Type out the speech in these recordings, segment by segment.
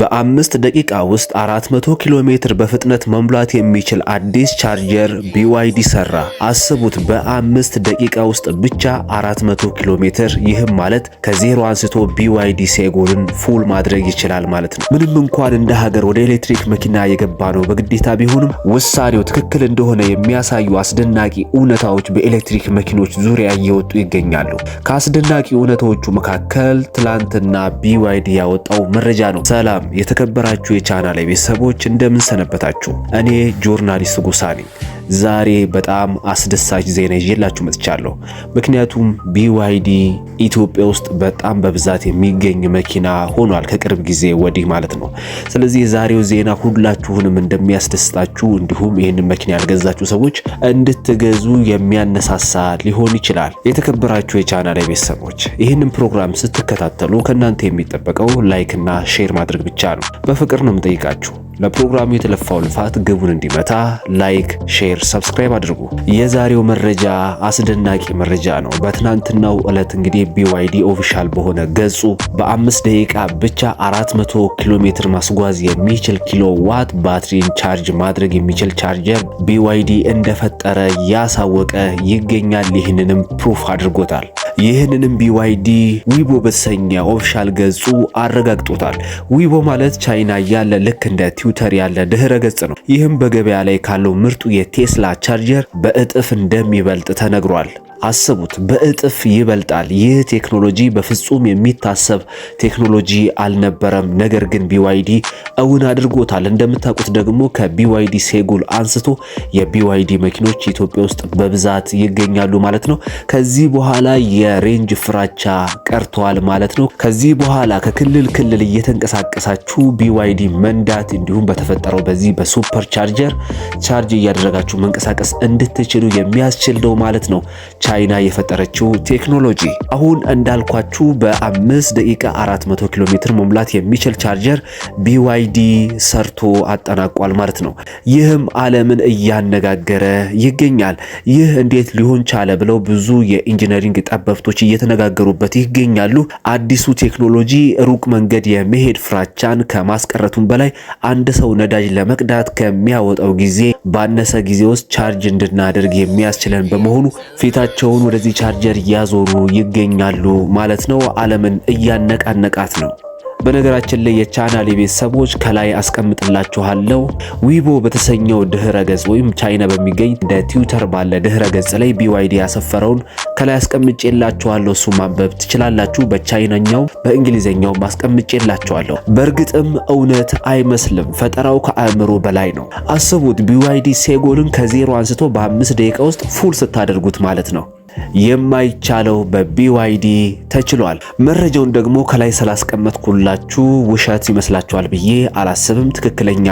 በአምስት ደቂቃ ውስጥ 400 ኪሎ ሜትር በፍጥነት መሙላት የሚችል አዲስ ቻርጀር ቢዋይዲ ሰራ። አስቡት፣ በአምስት ደቂቃ ውስጥ ብቻ 400 ኪሎ ሜትር። ይህም ማለት ከዜሮ አንስቶ ቢዋይዲ ሴጎልን ፉል ማድረግ ይችላል ማለት ነው። ምንም እንኳን እንደ ሀገር ወደ ኤሌክትሪክ መኪና የገባ ነው በግዴታ ቢሆንም ውሳኔው ትክክል እንደሆነ የሚያሳዩ አስደናቂ እውነታዎች በኤሌክትሪክ መኪኖች ዙሪያ እየወጡ ይገኛሉ። ከአስደናቂ እውነታዎቹ መካከል ትላንትና ቢዋይዲ ያወጣው መረጃ ነው። ሰላም ሰላም የተከበራችሁ ላይ ቤተሰቦች እንደምን ሰነበታችሁ። እኔ ጆርናሊስት ጉሳ ነኝ። ዛሬ በጣም አስደሳች ዜና ይዤላችሁ መጥቻለሁ። ምክንያቱም ቢዋይዲ ኢትዮጵያ ውስጥ በጣም በብዛት የሚገኝ መኪና ሆኗል ከቅርብ ጊዜ ወዲህ ማለት ነው። ስለዚህ የዛሬው ዜና ሁላችሁንም እንደሚያስደስታችሁ እንዲሁም ይህንን መኪና ያልገዛችሁ ሰዎች እንድትገዙ የሚያነሳሳ ሊሆን ይችላል። የተከበራችሁ የቻናል ቤተሰቦች ይህንን ፕሮግራም ስትከታተሉ ከእናንተ የሚጠበቀው ላይክና ሼር ማድረግ ብቻ ነው። በፍቅር ነው የምጠይቃችሁ። ለፕሮግራሙ የተለፋው ልፋት ግቡን እንዲመታ ላይክ ሼር ሼር፣ ሰብስክራይብ አድርጉ። የዛሬው መረጃ አስደናቂ መረጃ ነው። በትናንትናው ዕለት እንግዲህ ቢዋይዲ ኦፊሻል በሆነ ገጹ በአምስት ደቂቃ ብቻ 400 ኪሎ ሜትር ማስጓዝ የሚችል ኪሎ ዋት ባትሪን ቻርጅ ማድረግ የሚችል ቻርጀር ቢዋይዲ እንደፈጠረ ያሳወቀ ይገኛል። ይህንንም ፕሩፍ አድርጎታል። ይህንንም ቢዋይዲ ዊቦ በተሰኘ ኦፊሻል ገጹ አረጋግጦታል። ዊቦ ማለት ቻይና ያለ ልክ እንደ ትዊተር ያለ ድህረ ገጽ ነው። ይህም በገበያ ላይ ካለው ምርጡ የቴ ቴስላ ቻርጀር በእጥፍ እንደሚበልጥ ተነግሯል። አስቡት በእጥፍ ይበልጣል። ይህ ቴክኖሎጂ በፍጹም የሚታሰብ ቴክኖሎጂ አልነበረም። ነገር ግን ቢዋይዲ እውን አድርጎታል። እንደምታውቁት ደግሞ ከቢዋይዲ ሴጉል አንስቶ የቢዋይዲ መኪኖች ኢትዮጵያ ውስጥ በብዛት ይገኛሉ ማለት ነው። ከዚህ በኋላ የሬንጅ ፍራቻ ቀርተዋል ማለት ነው። ከዚህ በኋላ ከክልል ክልል እየተንቀሳቀሳችሁ ቢዋይዲ መንዳት እንዲሁም በተፈጠረው በዚህ በሱፐር ቻርጀር ቻርጅ እያደረጋችሁ መንቀሳቀስ እንድትችሉ የሚያስችል ነው ማለት ነው። ቻይና የፈጠረችው ቴክኖሎጂ። አሁን እንዳልኳችሁ በ5 ደቂቃ 400 ኪሎ ሜትር መሙላት የሚችል ቻርጀር ቢዋይዲ ሰርቶ አጠናቋል ማለት ነው። ይህም ዓለምን እያነጋገረ ይገኛል። ይህ እንዴት ሊሆን ቻለ ብለው ብዙ የኢንጂነሪንግ ጠበብቶች እየተነጋገሩበት ይገኛሉ። አዲሱ ቴክኖሎጂ ሩቅ መንገድ የመሄድ ፍራቻን ከማስቀረቱም በላይ አንድ ሰው ነዳጅ ለመቅዳት ከሚያወጣው ጊዜ ባነሰ ጊዜ ውስጥ ቻርጅ እንድናደርግ የሚያስችለን በመሆኑ ፊታችን አይናቸውን ወደዚህ ቻርጀር እያዞሩ ይገኛሉ ማለት ነው። ዓለምን እያነቃነቃት ነው። በነገራችን ላይ የቻናል ቤተሰቦች ከላይ አስቀምጥላችኋለሁ። ዊቦ በተሰኘው ድህረ ገጽ ወይም ቻይና በሚገኝ እንደ ትዊተር ባለ ድህረ ገጽ ላይ ቢዋይዲ ያሰፈረውን ከላይ አስቀምጬላችኋለሁ። እሱ ማንበብ ትችላላችሁ። በቻይናኛው በእንግሊዝኛው አስቀምጬላችኋለሁ። በእርግጥም እውነት አይመስልም። ፈጠራው ከአእምሮ በላይ ነው። አስቡት ቢዋይዲ ሴጎልን ከዜሮ አንስቶ በአምስት ደቂቃ ውስጥ ፉል ስታደርጉት ማለት ነው። የማይቻለው በቢዋይዲ ተችሏል። መረጃውን ደግሞ ከላይ ስላስቀመጥኩላችሁ ውሸት ይመስላችኋል ብዬ አላስብም። ትክክለኛ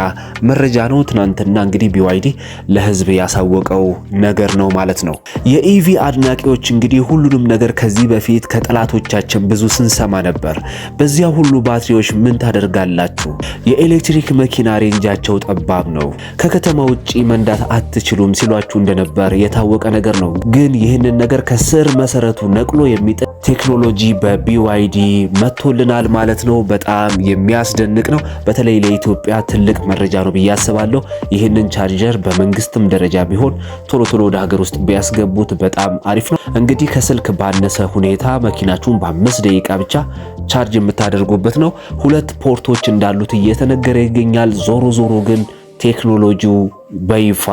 መረጃ ነው። ትናንትና እንግዲህ ቢዋይዲ ለህዝብ ያሳወቀው ነገር ነው ማለት ነው። የኢቪ አድናቂዎች እንግዲህ ሁሉንም ነገር ከዚህ በፊት ከጠላቶቻችን ብዙ ስንሰማ ነበር። በዚያ ሁሉ ባትሪዎች ምን ታደርጋላችሁ? የኤሌክትሪክ መኪና ሬንጃቸው ጠባብ ነው፣ ከከተማ ውጪ መንዳት አትችሉም ሲሏችሁ እንደነበር የታወቀ ነገር ነው። ግን ይህንን ነገር ሀገር ከስር መሰረቱ ነቅሎ የሚጥል ቴክኖሎጂ በቢዋይዲ መጥቶልናል ማለት ነው። በጣም የሚያስደንቅ ነው። በተለይ ለኢትዮጵያ ትልቅ መረጃ ነው ብዬ አስባለሁ። ይህንን ቻርጀር በመንግስትም ደረጃ ቢሆን ቶሎ ቶሎ ወደ ሀገር ውስጥ ቢያስገቡት በጣም አሪፍ ነው። እንግዲህ ከስልክ ባነሰ ሁኔታ መኪናችሁን በአምስት ደቂቃ ብቻ ቻርጅ የምታደርጉበት ነው። ሁለት ፖርቶች እንዳሉት እየተነገረ ይገኛል። ዞሮ ዞሮ ግን ቴክኖሎጂው በይፋ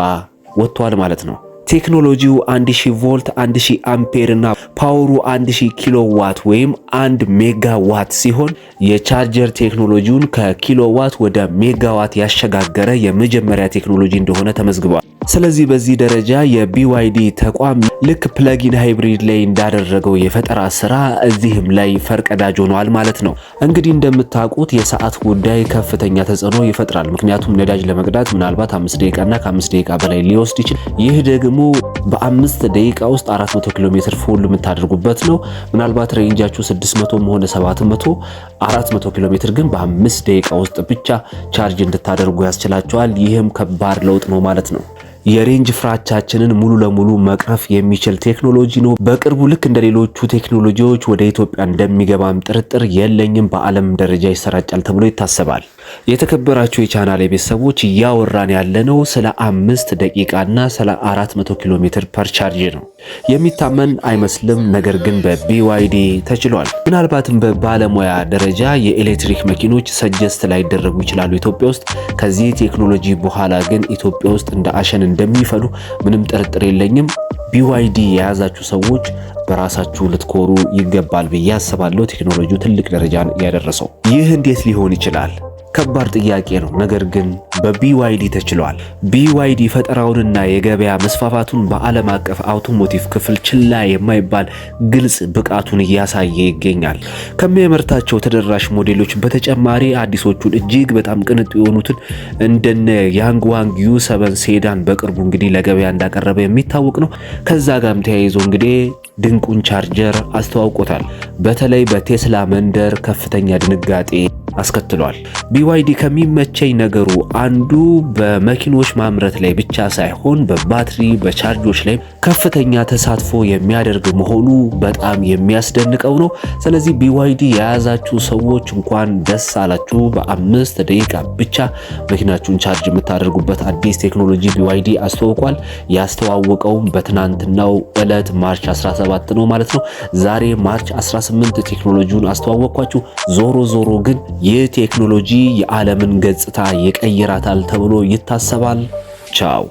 ወጥቷል ማለት ነው። ቴክኖሎጂው 1000 ቮልት 1000 አምፔር እና ፓወሩ 1000 ኪሎ ዋት ወይም 1 ሜጋ ዋት ሲሆን የቻርጀር ቴክኖሎጂውን ከኪሎ ዋት ወደ ሜጋ ዋት ያሸጋገረ የመጀመሪያ ቴክኖሎጂ እንደሆነ ተመዝግቧል። ስለዚህ በዚህ ደረጃ የቢዋይዲ ተቋም ልክ ፕለጊን ሃይብሪድ ላይ እንዳደረገው የፈጠራ ስራ እዚህም ላይ ፈርቀዳጅ ሆኗል ማለት ነው። እንግዲህ እንደምታውቁት የሰዓት ጉዳይ ከፍተኛ ተጽዕኖ ይፈጥራል። ምክንያቱም ነዳጅ ለመቅዳት ምናልባት አምስት ደቂቃና ከአምስት ደቂቃ በላይ ሊወስድ ይችላል። ይህ ደግሞ በአምስት ደቂቃ ውስጥ 400 ኪሎ ሜትር ፉል የምታደርጉበት ነው። ምናልባት ሬንጃችሁ 600 መሆነ 700 400 ኪሎ ሜትር ግን በአምስት ደቂቃ ውስጥ ብቻ ቻርጅ እንድታደርጉ ያስችላቸዋል። ይህም ከባድ ለውጥ ነው ማለት ነው። የሬንጅ ፍራቻችንን ሙሉ ለሙሉ መቅረፍ የሚችል ቴክኖሎጂ ነው። በቅርቡ ልክ እንደ ሌሎቹ ቴክኖሎጂዎች ወደ ኢትዮጵያ እንደሚገባም ጥርጥር የለኝም። በዓለም ደረጃ ይሰራጫል ተብሎ ይታሰባል። የተከበራችሁ የቻናል ቤተሰቦች እያወራን ያለነው ስለ አምስት ደቂቃና ስለ 400 ኪሎ ሜትር ፐር ቻርጅ ነው። የሚታመን አይመስልም፣ ነገር ግን በቢዋይዲ ተችሏል። ምናልባትም በባለሙያ ደረጃ የኤሌክትሪክ መኪኖች ሰጀስት ላይደረጉ ይችላሉ ኢትዮጵያ ውስጥ። ከዚህ ቴክኖሎጂ በኋላ ግን ኢትዮጵያ ውስጥ እንደ አሸን እንደሚፈሉ ምንም ጥርጥር የለኝም። ቢዋይዲ የያዛችሁ ሰዎች በራሳችሁ ልትኮሩ ይገባል ብዬ አስባለሁ። ቴክኖሎጂው ትልቅ ደረጃን ያደረሰው ይህ እንዴት ሊሆን ይችላል? ከባድ ጥያቄ ነው። ነገር ግን በቢዋይዲ ተችሏል። ቢዋይዲ ፈጠራውንና የገበያ መስፋፋቱን በዓለም አቀፍ አውቶሞቲቭ ክፍል ችላ የማይባል ግልጽ ብቃቱን እያሳየ ይገኛል። ከሚያመርታቸው ተደራሽ ሞዴሎች በተጨማሪ አዲሶቹን እጅግ በጣም ቅንጡ የሆኑትን እንደነ ያንግ ዋንግ ዩ ሰበን ሴዳን በቅርቡ እንግዲህ ለገበያ እንዳቀረበ የሚታወቅ ነው። ከዛ ጋርም ተያይዞ እንግዲህ ድንቁን ቻርጀር አስተዋውቆታል። በተለይ በቴስላ መንደር ከፍተኛ ድንጋጤ አስከትሏል። ቢዋይዲ ከሚመቸኝ ነገሩ አንዱ በመኪኖች ማምረት ላይ ብቻ ሳይሆን በባትሪ በቻርጆች ላይ ከፍተኛ ተሳትፎ የሚያደርግ መሆኑ በጣም የሚያስደንቀው ነው። ስለዚህ ቢዋይዲ የያዛችሁ ሰዎች እንኳን ደስ አላችሁ። በአምስት ደቂቃ ብቻ መኪናችሁን ቻርጅ የምታደርጉበት አዲስ ቴክኖሎጂ ቢዋይዲ አስተዋውቋል። ያስተዋወቀውም በትናንትናው ዕለት ማርች 17 ነው ማለት ነው። ዛሬ ማርች 18 ቴክኖሎጂውን አስተዋወቅኳችሁ። ዞሮ ዞሮ ግን ይህ ቴክኖሎጂ የዓለምን ገጽታ ይቀይራታል ተብሎ ይታሰባል። ቻው